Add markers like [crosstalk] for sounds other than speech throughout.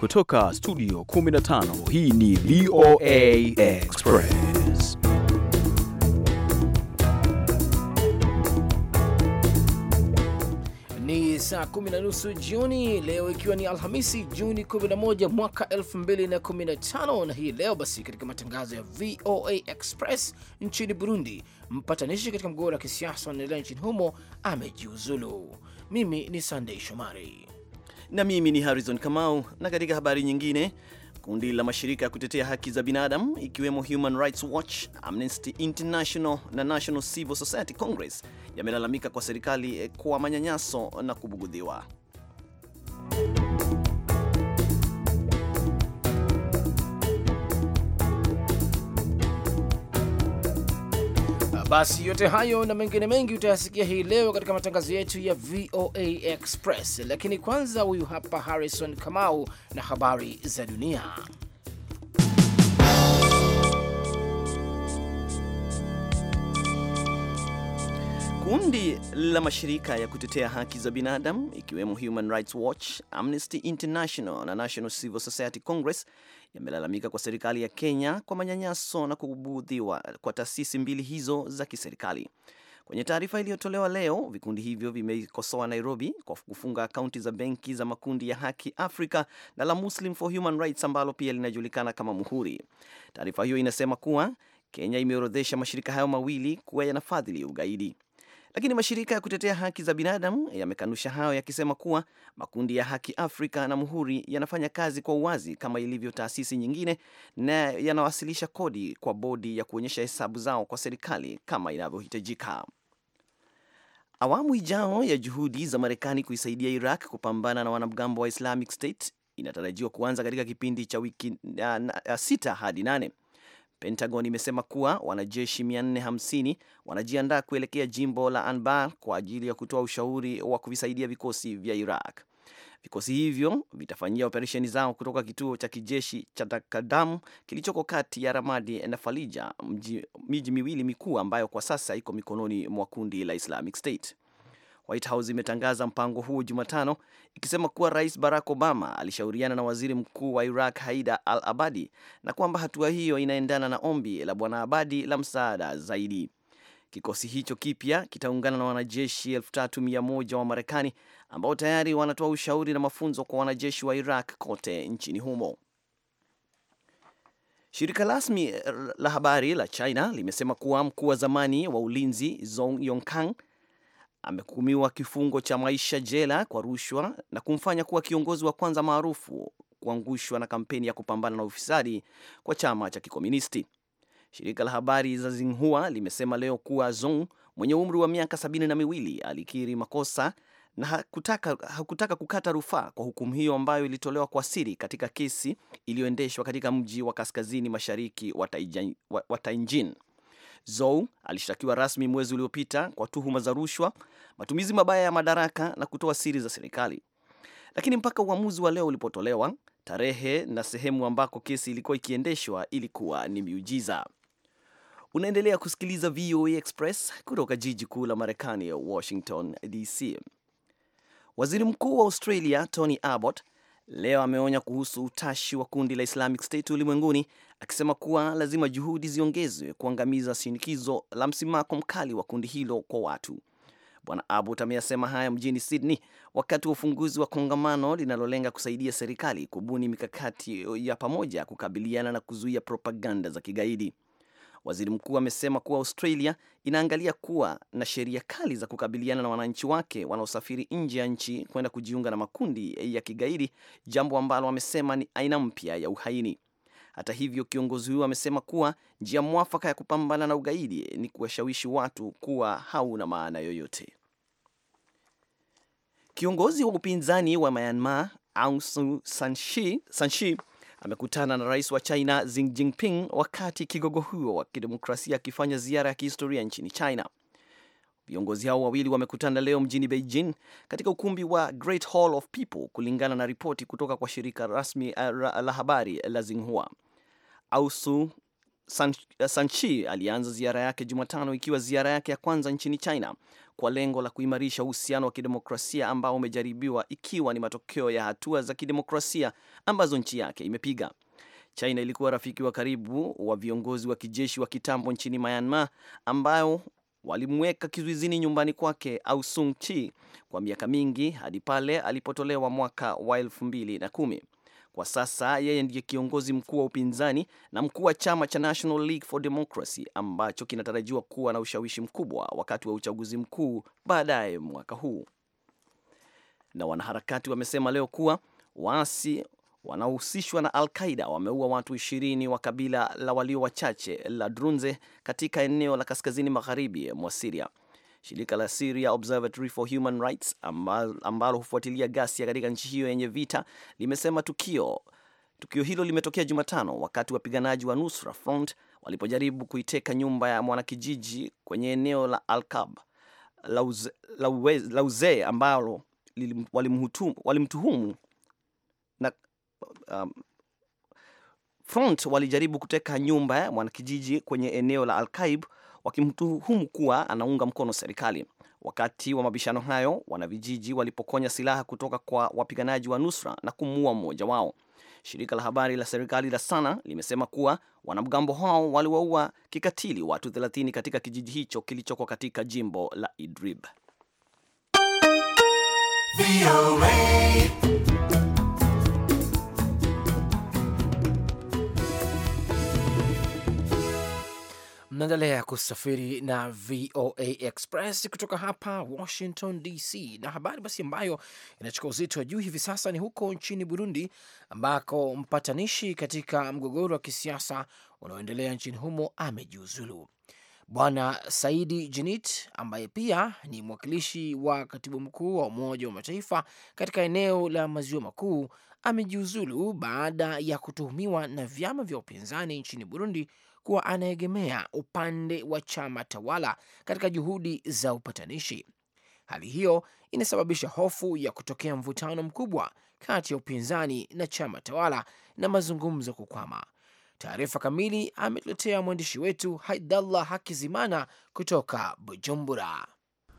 Kutoka studio 15 hii ni VOA Express. Ni saa kumi na nusu jioni leo, ikiwa ni Alhamisi Juni 11 mwaka 2015. Na hii leo basi, katika matangazo ya VOA Express, nchini Burundi, mpatanishi katika mgogoro wa kisiasa unaendelea nchini humo amejiuzulu. Mimi ni Sandei Shomari na mimi ni Harrison Kamau. Na katika habari nyingine, kundi la mashirika ya kutetea haki za binadamu ikiwemo Human Rights Watch, Amnesty International na National Civil Society Congress yamelalamika kwa serikali kwa manyanyaso na kubugudhiwa. Basi yote hayo na mengine mengi utayasikia hii leo katika matangazo yetu ya VOA Express, lakini kwanza, huyu hapa Harrison Kamau na habari za dunia. Kundi la mashirika ya kutetea haki za binadamu ikiwemo Human Rights Watch, Amnesty International na National Civil Society Congress yamelalamika kwa serikali ya Kenya kwa manyanyaso na kubudhiwa kwa taasisi mbili hizo za kiserikali. Kwenye taarifa iliyotolewa leo, vikundi hivyo vimeikosoa Nairobi kwa kufunga akaunti za benki za makundi ya Haki Africa na la Muslim for Human Rights ambalo pia linajulikana kama Muhuri. Taarifa hiyo inasema kuwa Kenya imeorodhesha mashirika hayo mawili kuwa yanafadhili ugaidi lakini mashirika ya kutetea haki za binadamu yamekanusha hayo yakisema kuwa makundi ya Haki Afrika na Muhuri yanafanya kazi kwa uwazi kama ilivyo taasisi nyingine na yanawasilisha kodi kwa bodi ya kuonyesha hesabu zao kwa serikali kama inavyohitajika. Awamu ijao ya juhudi za Marekani kuisaidia Iraq kupambana na wanamgambo wa Islamic State inatarajiwa kuanza katika kipindi cha wiki sita hadi nane Pentagon imesema kuwa wanajeshi 450 wanajiandaa kuelekea jimbo la Anbar kwa ajili ya kutoa ushauri wa kuvisaidia vikosi vya Iraq. Vikosi hivyo vitafanyia operesheni zao kutoka kituo cha kijeshi cha Takadamu kilichoko kati ya Ramadi na Falija, miji miwili mikuu ambayo kwa sasa iko mikononi mwa kundi la Islamic State. White House imetangaza mpango huo Jumatano ikisema kuwa Rais Barack Obama alishauriana na Waziri Mkuu wa Iraq Haida Al Abadi na kwamba hatua hiyo inaendana na ombi la Bwana Abadi la msaada zaidi. Kikosi hicho kipya kitaungana na wanajeshi elfu wa Marekani ambao tayari wanatoa ushauri na mafunzo kwa wanajeshi wa Iraq kote nchini humo. Shirika rasmi la habari la China limesema kuwa mkuu wa zamani wa ulinzi Zhong Yongkang amehukumiwa kifungo cha maisha jela kwa rushwa na kumfanya kuwa kiongozi wa kwanza maarufu kuangushwa na kampeni ya kupambana na ufisadi kwa chama cha Kikomunisti. Shirika la habari za Zinhua limesema leo kuwa Zong mwenye umri wa miaka sabini na miwili alikiri makosa na hakutaka, hakutaka kukata rufaa kwa hukumu hiyo ambayo ilitolewa kwa siri katika kesi iliyoendeshwa katika mji wa kaskazini mashariki wa Tainjin. Zou alishtakiwa rasmi mwezi uliopita kwa tuhuma za rushwa, matumizi mabaya ya madaraka na kutoa siri za serikali. Lakini mpaka uamuzi wa leo ulipotolewa, tarehe na sehemu ambako kesi ilikuwa ikiendeshwa ilikuwa ni miujiza. Unaendelea kusikiliza VOA Express kutoka jiji kuu la Marekani Washington DC. Waziri Mkuu wa Australia Tony Abbott leo ameonya kuhusu utashi wa kundi la Islamic State ulimwenguni, akisema kuwa lazima juhudi ziongezwe kuangamiza shinikizo la msimako mkali wa kundi hilo kwa watu. Bwana abut ameyasema haya mjini Sydney wakati wa ufunguzi wa kongamano linalolenga kusaidia serikali kubuni mikakati ya pamoja kukabiliana na kuzuia propaganda za kigaidi. Waziri mkuu amesema kuwa Australia inaangalia kuwa na sheria kali za kukabiliana na wananchi wake wanaosafiri nje ya nchi kwenda kujiunga na makundi ya kigaidi, jambo ambalo amesema ni aina mpya ya uhaini. Hata hivyo, kiongozi huyo amesema kuwa njia mwafaka ya kupambana na ugaidi ni kuwashawishi watu kuwa hauna maana yoyote. Kiongozi wa upinzani wa Myanmar Aung San Suu Kyi amekutana na rais wa China Xi Jinping wakati kigogo huo wa kidemokrasia akifanya ziara ya kihistoria nchini China. Viongozi hao wawili wamekutana leo mjini Beijing katika ukumbi wa Great Hall of People, kulingana na ripoti kutoka kwa shirika rasmi eh, la habari la Xinhua. Ausu San, eh, Sanchi alianza ziara yake Jumatano ikiwa ziara yake ya kwanza nchini China kwa lengo la kuimarisha uhusiano wa kidemokrasia ambao umejaribiwa ikiwa ni matokeo ya hatua za kidemokrasia ambazo nchi yake imepiga. China ilikuwa rafiki wa karibu wa viongozi wa kijeshi wa kitambo nchini Myanmar ambao walimweka kizuizini nyumbani kwake au Sung Chi kwa miaka mingi hadi pale alipotolewa mwaka wa 2010. Kwa sasa yeye ndiye kiongozi mkuu wa upinzani na mkuu wa chama cha National League for Democracy ambacho kinatarajiwa kuwa na ushawishi mkubwa wakati wa uchaguzi mkuu baadaye mwaka huu. Na wanaharakati wamesema leo kuwa waasi wanaohusishwa na Al Qaida wameua watu ishirini wa kabila la walio wachache la Drunze katika eneo la kaskazini magharibi mwa Siria. Shirika la Syria Observatory for Human Rights ambalo hufuatilia ghasia katika nchi hiyo yenye vita limesema tukio tukio hilo limetokea Jumatano wakati wapiganaji wa Nusra Front walipojaribu kuiteka nyumba ya mwanakijiji kwenye eneo la Alkab uzee Lauze, ambalo walimtuhumu na um, Front walijaribu kuteka nyumba ya mwanakijiji kwenye eneo la Alkaib wakimtuhumu kuwa anaunga mkono serikali. Wakati wa mabishano hayo, wanavijiji walipokonya silaha kutoka kwa wapiganaji wa Nusra na kumuua mmoja wao. Shirika la habari la serikali la Sana limesema kuwa wanamgambo hao waliwaua kikatili watu 30 katika kijiji hicho kilichoko katika jimbo la Idlib. Naendelea kusafiri na VOA Express kutoka hapa Washington DC, na habari basi ambayo inachukua uzito wa juu hivi sasa ni huko nchini Burundi, ambako mpatanishi katika mgogoro wa kisiasa unaoendelea nchini humo amejiuzulu. Bwana Saidi Jinit ambaye pia ni mwakilishi wa katibu mkuu wa Umoja wa Mataifa katika eneo la Maziwa Makuu amejiuzulu baada ya kutuhumiwa na vyama vya upinzani nchini Burundi kuwa anaegemea upande wa chama tawala katika juhudi za upatanishi. Hali hiyo inasababisha hofu ya kutokea mvutano mkubwa kati ya upinzani na chama tawala na mazungumzo kukwama. Taarifa kamili ametuletea mwandishi wetu Haidallah Hakizimana kutoka Bujumbura.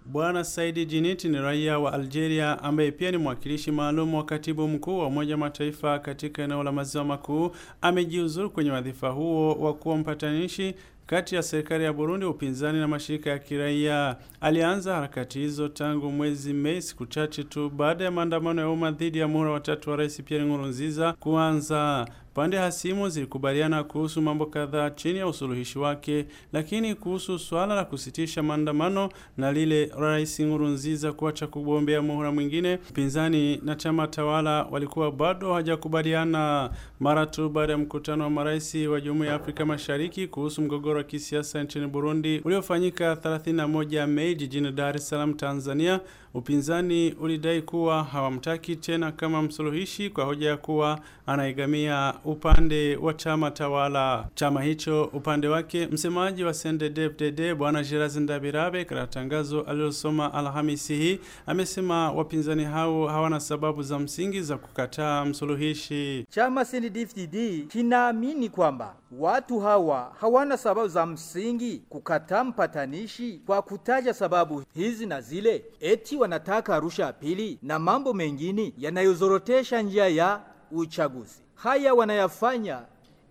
Bwana Saidi jinit ni raia wa Algeria ambaye pia ni mwakilishi maalum wa katibu mkuu wa Umoja Mataifa katika eneo la Maziwa Makuu. Amejiuzuru kwenye wadhifa huo wa kuwa mpatanishi kati ya serikali ya Burundi, upinzani na mashirika ya kiraia. Alianza harakati hizo tangu mwezi Mei, siku chache tu baada ya maandamano ya umma dhidi ya muhula watatu wa Rais Pierre Nkurunziza kuanza. Pande hasimu zilikubaliana kuhusu mambo kadhaa chini ya usuluhishi wake, lakini kuhusu swala la kusitisha maandamano na lile Rais Nkurunziza kuacha kugombea muhula mwingine, pinzani na chama tawala walikuwa bado hawajakubaliana. Mara tu baada ya mkutano wa marais wa Jumuiya ya Afrika Mashariki kuhusu mgogoro wa kisiasa nchini Burundi uliofanyika 31 Mei jijini Dar es Salaam, Tanzania, Upinzani ulidai kuwa hawamtaki tena kama msuluhishi kwa hoja ya kuwa anaigamia upande wa chama tawala. Chama hicho upande wake, msemaji wa CNDD-FDD Bwana Gerazi Ndabirabe katika tangazo alilosoma Alhamisi hii amesema wapinzani hao hawana sababu za msingi za kukataa msuluhishi. Chama CNDD-FDD kinaamini kwamba watu hawa hawana sababu za msingi kukataa mpatanishi kwa kutaja sababu hizi na zile eti wanataka Arusha ya pili na mambo mengine yanayozorotesha njia ya uchaguzi. Haya wanayafanya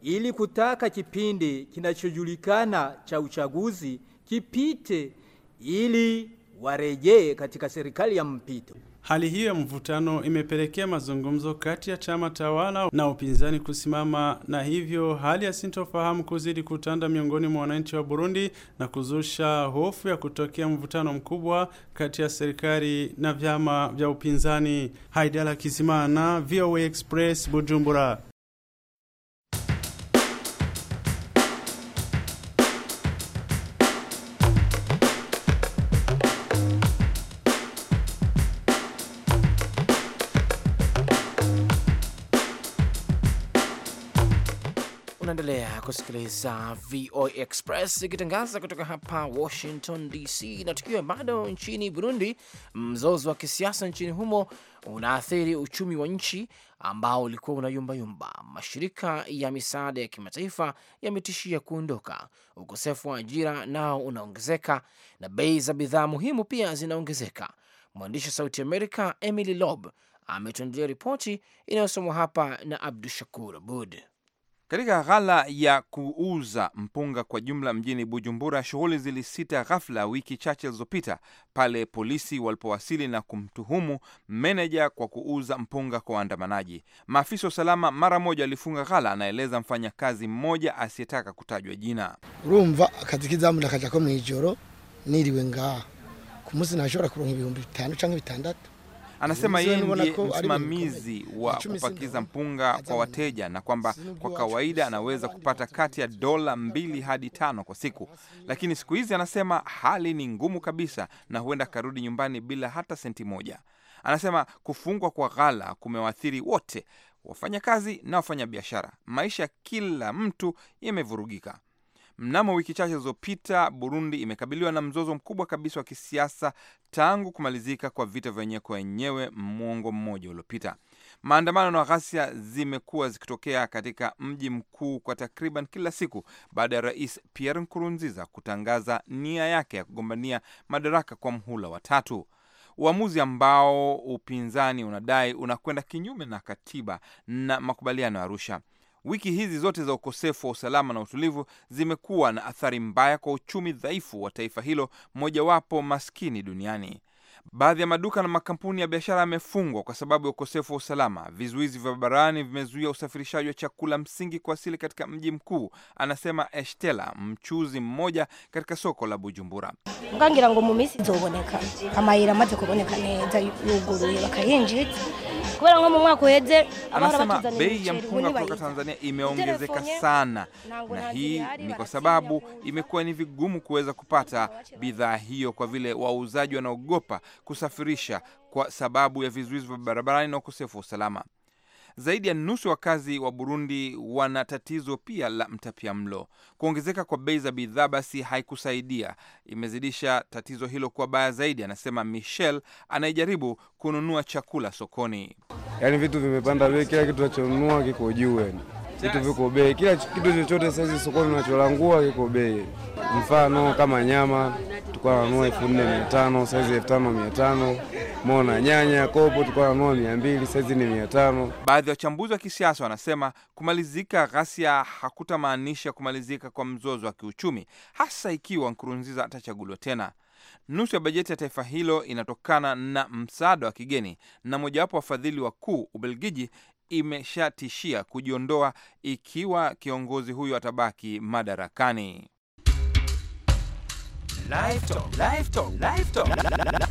ili kutaka kipindi kinachojulikana cha uchaguzi kipite ili warejee katika serikali ya mpito. Hali hiyo ya mvutano imepelekea mazungumzo kati ya chama tawala na upinzani kusimama, na hivyo hali ya sintofahamu kuzidi kutanda miongoni mwa wananchi wa Burundi na kuzusha hofu ya kutokea mvutano mkubwa kati ya serikali na vyama vya upinzani. Haidala Kisimana, VOA Express, Bujumbura. Unaendelea kusikiliza VOA Express ikitangaza kutoka hapa Washington DC. Na tukiwa bado nchini Burundi, mzozo wa kisiasa nchini humo unaathiri uchumi wa nchi ambao ulikuwa unayumbayumba. Mashirika ya misaada ya kimataifa yametishia kuondoka, ukosefu wa ajira nao unaongezeka, na bei za bidhaa muhimu pia zinaongezeka. Mwandishi wa Sauti Amerika Emily Lob ametuandalia ripoti inayosomwa hapa na Abdu Shakur Abud. Katika ghala ya kuuza mpunga kwa jumla mjini Bujumbura, shughuli zilisita ghafla wiki chache zilizopita pale polisi walipowasili na kumtuhumu meneja kwa kuuza mpunga kwa waandamanaji. Maafisa wa usalama mara moja walifunga ghala, anaeleza mfanyakazi mmoja asiyetaka kutajwa jina. urumva akazi k'izamu nakaja ko mwijoro niriwe ngaha ku nashobora kuronka ibihumbi bitanu canke bitandatu Anasema yeye ndiye msimamizi wa kupakiza mpunga kwa wateja na kwamba kwa kawaida anaweza kupata kati ya dola mbili hadi tano kwa siku, lakini siku hizi anasema hali ni ngumu kabisa na huenda akarudi nyumbani bila hata senti moja. Anasema kufungwa kwa ghala kumewaathiri wote, wafanyakazi na wafanyabiashara. Maisha ya kila mtu yamevurugika. Mnamo wiki chache zilizopita, Burundi imekabiliwa na mzozo mkubwa kabisa wa kisiasa tangu kumalizika kwa vita vya wenyewe kwa wenyewe mwongo mmoja uliopita. Maandamano na ghasia zimekuwa zikitokea katika mji mkuu kwa takriban kila siku baada ya rais Pierre Nkurunziza kutangaza nia yake ya kugombania madaraka kwa mhula wa tatu, uamuzi ambao upinzani unadai unakwenda kinyume na katiba na makubaliano ya Arusha. Wiki hizi zote za ukosefu wa usalama na utulivu zimekuwa na athari mbaya kwa uchumi dhaifu wa taifa hilo mojawapo maskini duniani. Baadhi ya maduka na makampuni ya biashara yamefungwa kwa sababu ya ukosefu wa usalama. Vizuizi vya barabarani vimezuia usafirishaji wa chakula msingi kuwasili katika mji mkuu, anasema estela mchuzi mmoja katika soko la Bujumbura. ngangira ngo mu amayira amaze kuboneka neza yuguruye bakayinjitse kubera nko mu mwaka uheze anasema bei ya mpunga kutoka Tanzania imeongezeka sana, na hii ni kwa sababu imekuwa ni vigumu kuweza kupata bidhaa hiyo kwa vile wauzaji wanaogopa kusafirisha kwa sababu ya vizuizi vya barabarani na ukosefu wa usalama. Zaidi ya nusu wakazi wa Burundi wana tatizo pia la mtapia mlo. Kuongezeka kwa bei za bidhaa basi haikusaidia, imezidisha tatizo hilo kuwa baya zaidi, anasema Michel anayejaribu kununua chakula sokoni. Yaani vitu vimepanda bei, kila kitu nachonunua kiko juu, yani vitu viko bei, kila kitu chochote saizi sokoni nacholangua kiko bei, mfano kama nyama tukawa nanunua elfu nne mia tano saizi elfu tano mia tano mona nyanya kopo tukawa nanunua mia mbili saizi ni mia tano Baadhi ya wachambuzi wa kisiasa wanasema kumalizika ghasia hakutamaanisha kumalizika kwa mzozo wa kiuchumi, hasa ikiwa Nkurunziza atachaguliwa tena. Nusu ya bajeti ya taifa hilo inatokana na msaada wa kigeni, na mojawapo wafadhili wakuu Ubelgiji imeshatishia kujiondoa ikiwa kiongozi huyo atabaki madarakani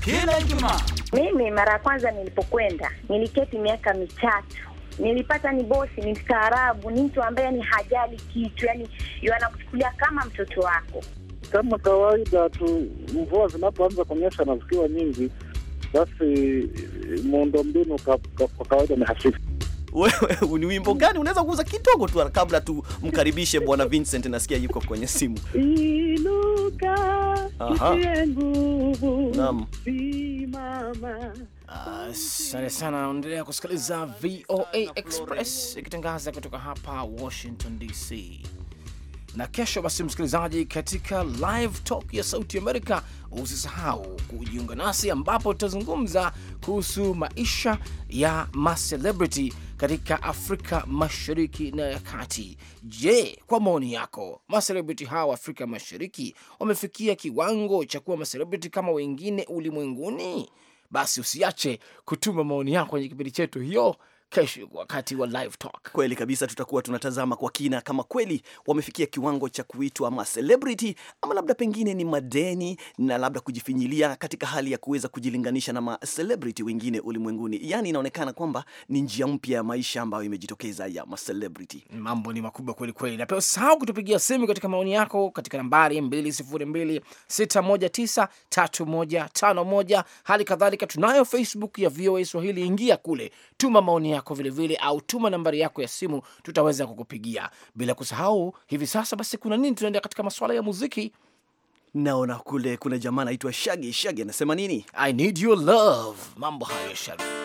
kila Ijumaa. Mimi mara ya kwanza nilipokwenda niliketi miaka mitatu nilipata ni bosi, ni mstaarabu, ni mtu ambaye ni hajali kitu, yani anakuchukulia kama mtoto wako. Kama kawaida tu, mvua zinapoanza kuonyesha na zikiwa nyingi, basi eh, muundombinu kwa kawaida ni hafifu. Wewe ni wimbo gani unaweza kuuza kidogo tu kabla tumkaribishe Bwana Vincent, nasikia yuko kwenye simu Kumbuka ah, asante sana. Unaendelea kusikiliza VOA Express ikitangaza kutoka hapa Washington DC, na kesho basi, msikilizaji, katika live talk ya Sauti Amerika usisahau kujiunga nasi, ambapo tutazungumza kuhusu maisha ya macelebrity katika Afrika Mashariki na ya Kati. Je, kwa maoni yako maselebriti hawa wa Afrika Mashariki wamefikia kiwango cha kuwa maselebriti kama wengine ulimwenguni? Basi usiache kutuma maoni yako kwenye kipindi chetu hiyo kesho wakati wa live talk. Kweli kabisa, tutakuwa tunatazama kwa kina kama kweli wamefikia kiwango cha kuitwa ma celebrity ama labda pengine ni madeni na labda kujifinyilia katika hali ya kuweza kujilinganisha na ma celebrity wengine ulimwenguni. Yani inaonekana kwamba ni njia mpya ya maisha ambayo imejitokeza ya ma celebrity. Mambo ni makubwa kweli kweli, na pia usahau kutupigia simu katika maoni yako katika nambari 2026193151 hali kadhalika tunayo Facebook ya VOA Swahili, ingia kule, tuma maoni yako vilevile, au tuma nambari yako ya simu, tutaweza kukupigia. Bila kusahau hivi sasa, basi kuna nini, tunaenda katika masuala ya muziki. Naona kule kuna jamaa anaitwa Shagi. Shagi anasema nini? I need your love. Mambo hayo Shagi.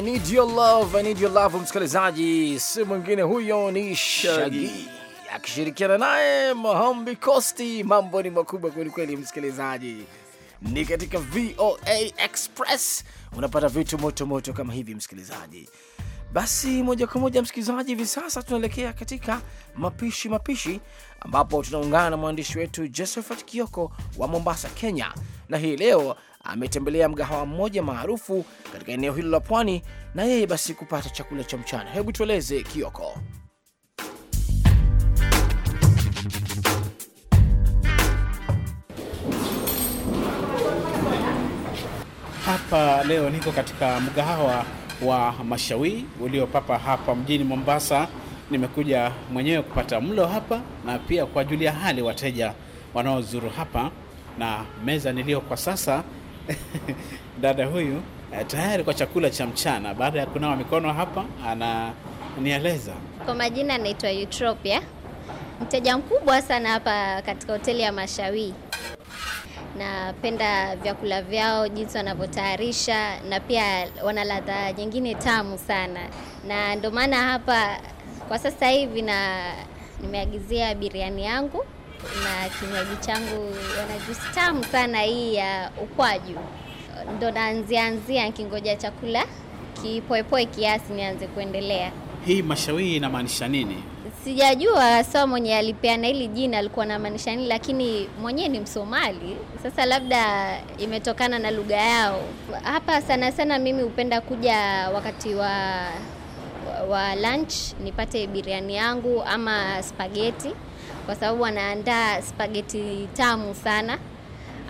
I need your love, I need your love. Msikilizaji, si mwingine huyo ni Shaggy akishirikiana naye Mohambi Kosti. Mambo ni makubwa kwelikweli, msikilizaji ni katika VOA Express unapata vitu moto moto kama hivi msikilizaji. Basi moja kwa moja msikilizaji, hivi sasa tunaelekea katika mapishi mapishi, ambapo tunaungana na mwandishi wetu Josephat Kioko wa Mombasa, Kenya, na hii leo ametembelea mgahawa mmoja maarufu katika eneo hilo la pwani na yeye basi kupata chakula cha mchana. Hebu tueleze Kioko. Hapa leo niko katika mgahawa wa Mashawi uliopapa hapa mjini Mombasa. Nimekuja mwenyewe kupata mlo hapa na pia kuwajulia hali wateja wanaozuru hapa, na meza niliyo kwa sasa dada huyu eh, tayari kwa chakula cha mchana baada ya kunawa mikono hapa ananieleza. Kwa majina anaitwa Eutropia, mteja mkubwa sana hapa katika hoteli ya Mashawi. Napenda vyakula vyao jinsi wanavyotayarisha, na pia wana ladha nyingine tamu sana, na ndio maana hapa kwa sasa hivi na nimeagizia biriani yangu na kinywaji changu wana juisi tamu sana hii ya ukwaju, ndo naanzianzia nkingoja chakula kipoepoe kiasi nianze kuendelea. Hii mashawi inamaanisha nini? Sijajua sawa mwenye alipeana hili jina alikuwa anamaanisha nini, lakini mwenyewe ni Msomali. Sasa labda imetokana na lugha yao. Hapa sana sana mimi hupenda kuja wakati wa wa lunch nipate biriani yangu ama spageti kwa sababu wanaandaa spaghetti tamu sana.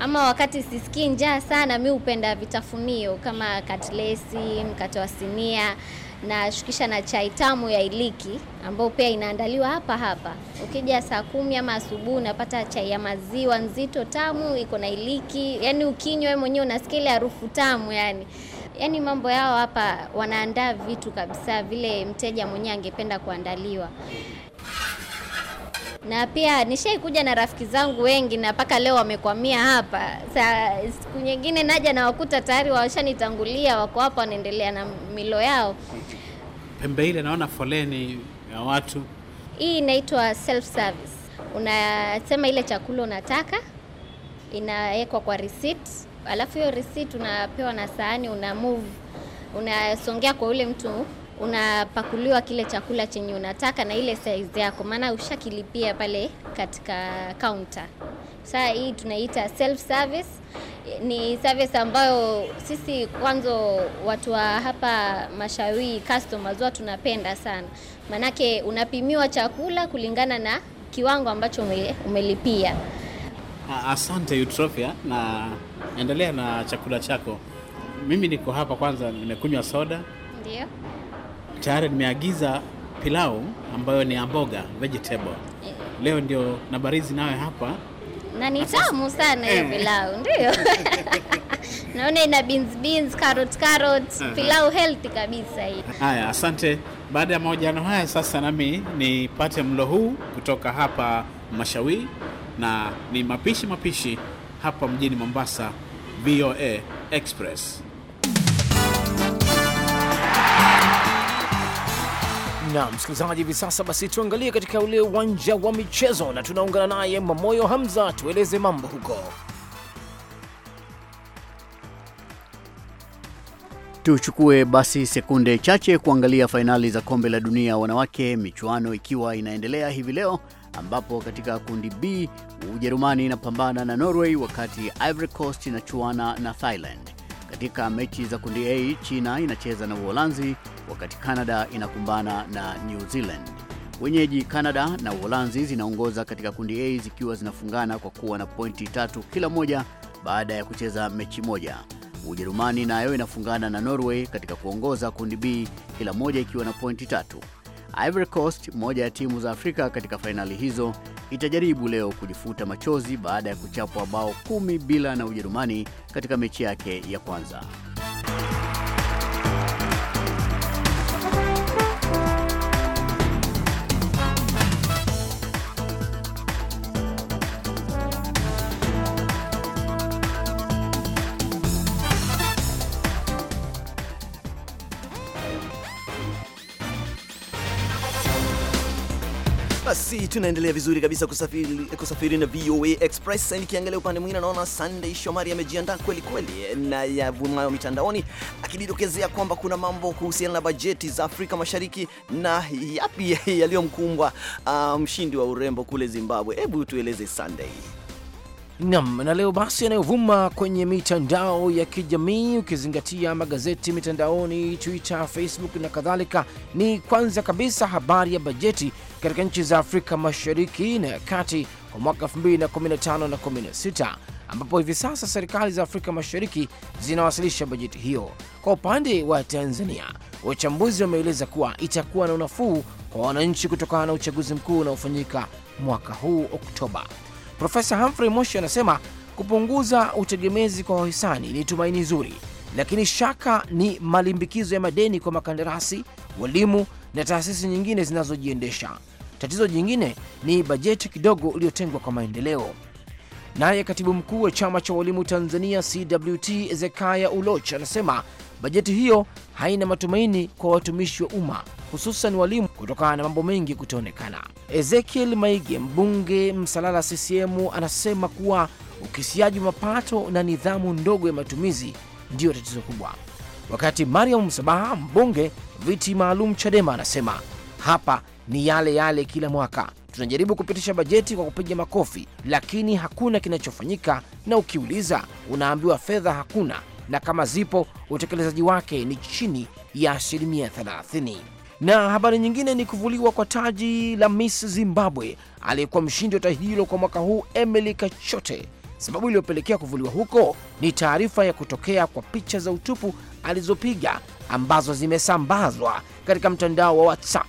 Ama wakati sisikii njaa sana, mi hupenda vitafunio kama katlesi, mkate wa sinia na shukisha na chai tamu ya iliki ambayo pia inaandaliwa hapa hapa. Ukija saa kumi ama asubuhi unapata chai ya maziwa nzito tamu, iko na iliki, yani ukinywa mwenyewe unasikia ile harufu tamu yani. yaani mambo yao hapa wanaandaa vitu kabisa vile mteja mwenyewe angependa kuandaliwa na pia nishaikuja na rafiki zangu wengi na mpaka leo wamekwamia hapa. Sa siku nyingine naja nawakuta tayari washanitangulia, wako hapa wanaendelea na milo yao. Pembe ile naona foleni ya watu, hii inaitwa self service. Unasema ile chakula unataka, inawekwa kwa receipt, alafu hiyo receipt unapewa na sahani, una move, unasongea kwa ule mtu unapakuliwa kile chakula chenye unataka na ile size yako, maana ushakilipia pale katika kaunta Saa hii tunaita self service, ni service ambayo sisi kwanza watu wa hapa Mashawi customers wa tunapenda sana, manake unapimiwa chakula kulingana na kiwango ambacho ume, umelipia. Ah, asante utrophia na endelea na chakula chako. Mimi niko hapa kwanza, nimekunywa soda. Ndio tayari nimeagiza pilau ambayo ni amboga vegetable. Eh. Leo ndio nabarizi nawe hapa na ni tamu sana hiyo eh. pilau, ndio [laughs] naona ina beans beans, carrot carrot, pilau healthy kabisa hii. Haya, asante. Baada ya mahojiano haya, sasa nami nipate mlo huu kutoka hapa Mashawi, na ni mapishi mapishi hapa mjini Mombasa, VOA Express. na msikilizaji, hivi sasa basi tuangalie katika ule uwanja wa michezo, na tunaungana naye Mamoyo Hamza, tueleze mambo huko. Tuchukue basi sekunde chache kuangalia fainali za kombe la dunia wanawake, michuano ikiwa inaendelea hivi leo, ambapo katika kundi B Ujerumani inapambana na Norway, wakati Ivory Coast inachuana na Thailand. Katika mechi za kundi A China inacheza na Uholanzi, wakati Canada inakumbana na New Zealand. Wenyeji Canada na Uholanzi zinaongoza katika kundi A zikiwa zinafungana kwa kuwa na pointi tatu kila moja baada ya kucheza mechi moja. Ujerumani nayo inafungana na Norway katika kuongoza kundi B kila moja ikiwa na pointi tatu. Ivory Coast, moja ya timu za Afrika katika fainali hizo, itajaribu leo kujifuta machozi baada ya kuchapwa bao kumi bila na Ujerumani katika mechi yake ya kwanza. tunaendelea vizuri kabisa kusafiri, kusafiri na VOA Express. Nikiangalia upande mwingine, naona Sunday Shomari amejiandaa kweli kweli na yavumayo mitandaoni, akididokezea kwamba kuna mambo kuhusiana na bajeti za Afrika Mashariki na yapi [laughs] yaliyomkumbwa ah, mshindi um, wa urembo kule Zimbabwe. Hebu tueleze Sunday. Nam na leo basi, yanayovuma kwenye mitandao ya kijamii ukizingatia magazeti mitandaoni, Twitter, Facebook na kadhalika, ni kwanza kabisa habari ya bajeti katika nchi za Afrika Mashariki na ya Kati kwa mwaka 2015 na 16, ambapo hivi sasa serikali za Afrika Mashariki zinawasilisha bajeti hiyo. Kwa upande wa Tanzania, wachambuzi wameeleza kuwa itakuwa na unafuu kwa wananchi kutokana na uchaguzi mkuu unaofanyika mwaka huu Oktoba. Profesa Humphrey Moshi anasema kupunguza utegemezi kwa wahisani ni tumaini zuri, lakini shaka ni malimbikizo ya madeni kwa makandarasi, walimu na taasisi nyingine zinazojiendesha. Tatizo jingine ni bajeti kidogo iliyotengwa kwa maendeleo. Naye katibu mkuu wa chama cha walimu Tanzania CWT Zekaya Uloch anasema bajeti hiyo haina matumaini kwa watumishi wa umma hususan walimu kutokana na mambo mengi kutoonekana. Ezekiel Maige, mbunge Msalala CCM, anasema kuwa ukisiaji wa mapato na nidhamu ndogo ya matumizi ndiyo tatizo kubwa, wakati Mariam Msabaha, mbunge viti maalum Chadema, anasema hapa ni yale yale kila mwaka, tunajaribu kupitisha bajeti kwa kupiga makofi, lakini hakuna kinachofanyika, na ukiuliza unaambiwa fedha hakuna na kama zipo utekelezaji wake ni chini ya asilimia 30. Na habari nyingine ni kuvuliwa kwa taji la Miss Zimbabwe aliyekuwa mshindi wa taji hilo kwa mwaka huu Emily Kachote. Sababu iliyopelekea kuvuliwa huko ni taarifa ya kutokea kwa picha za utupu alizopiga ambazo zimesambazwa katika mtandao wa WhatsApp.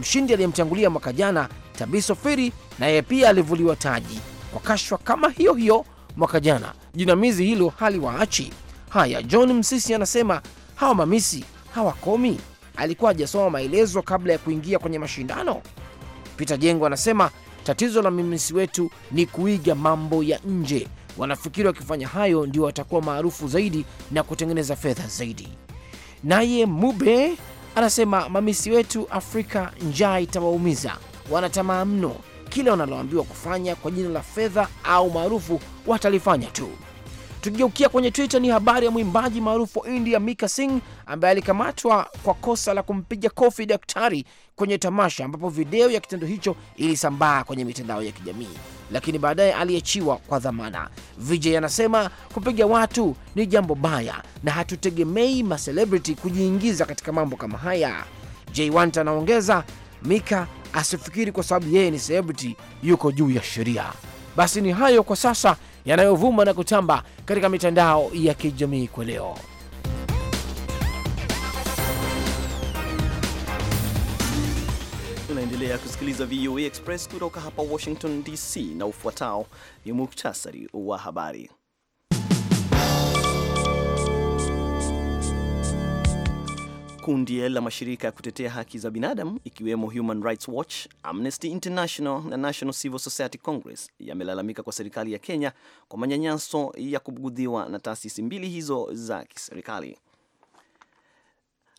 Mshindi aliyemtangulia mwaka jana Tabiso Firi naye pia alivuliwa taji kwa kashwa kama hiyo hiyo mwaka jana. Jinamizi hilo haliwaachi Haya, John Msisi anasema hawa mamisi hawakomi, alikuwa hajasoma maelezo kabla ya kuingia kwenye mashindano. Peter Jengo anasema tatizo la mamisi wetu ni kuiga mambo ya nje, wanafikiri wakifanya hayo ndio watakuwa maarufu zaidi na kutengeneza fedha zaidi. Naye Mube anasema mamisi wetu Afrika njaa itawaumiza, wanatamaa mno, kila wanaloambiwa kufanya kwa jina la fedha au maarufu watalifanya tu. Tukigeukia kwenye Twitter ni habari ya mwimbaji maarufu wa India Mika Singh ambaye alikamatwa kwa kosa la kumpiga kofi daktari kwenye tamasha, ambapo video ya kitendo hicho ilisambaa kwenye mitandao ya kijamii, lakini baadaye aliachiwa kwa dhamana. Vijay anasema kupiga watu ni jambo baya na hatutegemei macelebrity kujiingiza katika mambo kama haya. Jaywant anaongeza, Mika asifikiri kwa sababu yeye ni celebrity yuko juu ya sheria. Basi ni hayo kwa sasa yanayovuma na kutamba katika mitandao ya kijamii kwa leo. Unaendelea kusikiliza VOA Express kutoka hapa Washington DC, na ufuatao ni muktasari wa habari. Kundi la mashirika ya kutetea haki za binadamu ikiwemo Human Rights Watch, Amnesty International na National Civil Society Congress yamelalamika kwa serikali ya Kenya kwa manyanyaso ya kubugudhiwa na taasisi mbili hizo za kiserikali.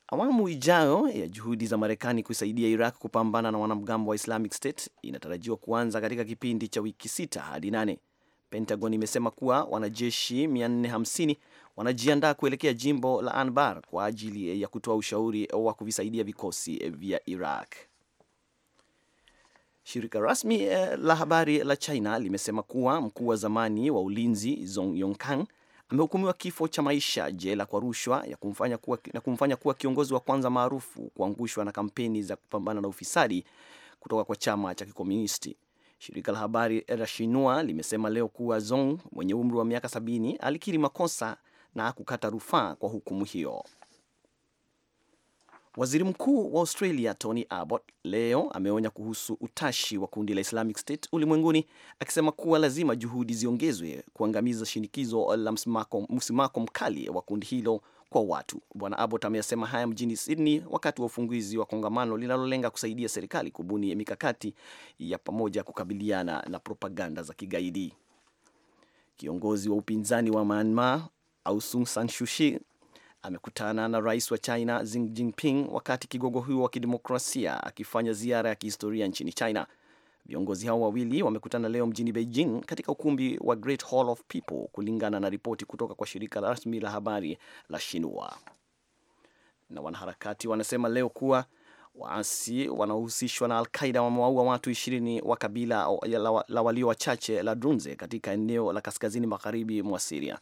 Awamu ijayo ya juhudi za Marekani kusaidia Iraq kupambana na wanamgambo wa Islamic State inatarajiwa kuanza katika kipindi cha wiki sita hadi nane. Pentagon imesema kuwa wanajeshi 450 wanajiandaa kuelekea jimbo la Anbar kwa ajili ya kutoa ushauri wa kuvisaidia vikosi vya Iraq. Shirika rasmi eh, la habari la China limesema kuwa mkuu wa zamani wa ulinzi Zong Yongkang amehukumiwa kifo cha maisha jela kwa rushwa ya kumfanya kuwa, na kumfanya kuwa kiongozi wa kwanza maarufu kuangushwa na kampeni za kupambana na ufisadi kutoka kwa chama cha Kikomunisti. Shirika la habari la Shinua limesema leo kuwa Zong mwenye umri wa miaka sabini alikiri makosa na kukata rufaa kwa hukumu hiyo. Waziri Mkuu wa Australia Tony Abbott leo ameonya kuhusu utashi wa kundi la Islamic State ulimwenguni, akisema kuwa lazima juhudi ziongezwe kuangamiza shinikizo la msimako mkali wa kundi hilo kwa watu. Bwana Abbott ameyasema haya mjini Sydney wakati wa ufunguzi wa kongamano linalolenga kusaidia serikali kubuni mikakati ya pamoja kukabiliana na propaganda za kigaidi. Kiongozi wa upinzani wa Myanmar Aung San Suu Kyi amekutana na rais wa China Xi Jinping wakati kigogo huyo wa kidemokrasia akifanya ziara ya kihistoria nchini China. Viongozi hao wawili wamekutana leo mjini Beijing katika ukumbi wa Great Hall of People, kulingana na ripoti kutoka kwa shirika rasmi la habari la Shinua. Na wanaharakati wanasema leo kuwa waasi wanaohusishwa na Alqaida wamewaua watu ishirini wa kabila la walio wachache la Drunze katika eneo la kaskazini magharibi mwa Siria.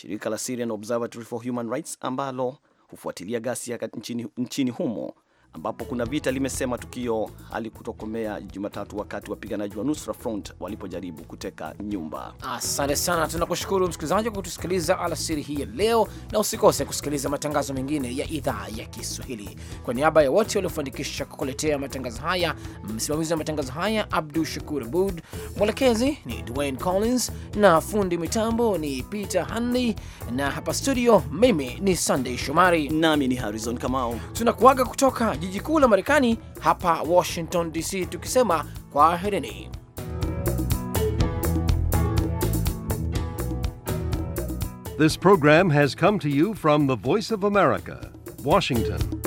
Shirika la Syrian Observatory for Human Rights ambalo hufuatilia ghasia nchini, nchini humo ambapo kuna vita limesema tukio halikutokomea Jumatatu wakati wapiganaji wa Nusra Front walipojaribu kuteka nyumba. Asante sana, tunakushukuru msikilizaji kwa kutusikiliza alasiri hii ya leo, na usikose kusikiliza matangazo mengine ya idhaa ya Kiswahili. Kwa niaba ya wote waliofanikisha kukuletea matangazo haya, msimamizi wa matangazo haya Abdu Shakur Abud, mwelekezi ni Dwayne Collins na fundi mitambo ni Peter Hanley, na hapa studio mimi ni Sunday Shomari nami ni Harrison Kamau, tunakuaga kutoka jiji kuu la Marekani hapa Washington DC, tukisema kwaherini. This program has come to you from the Voice of America, Washington.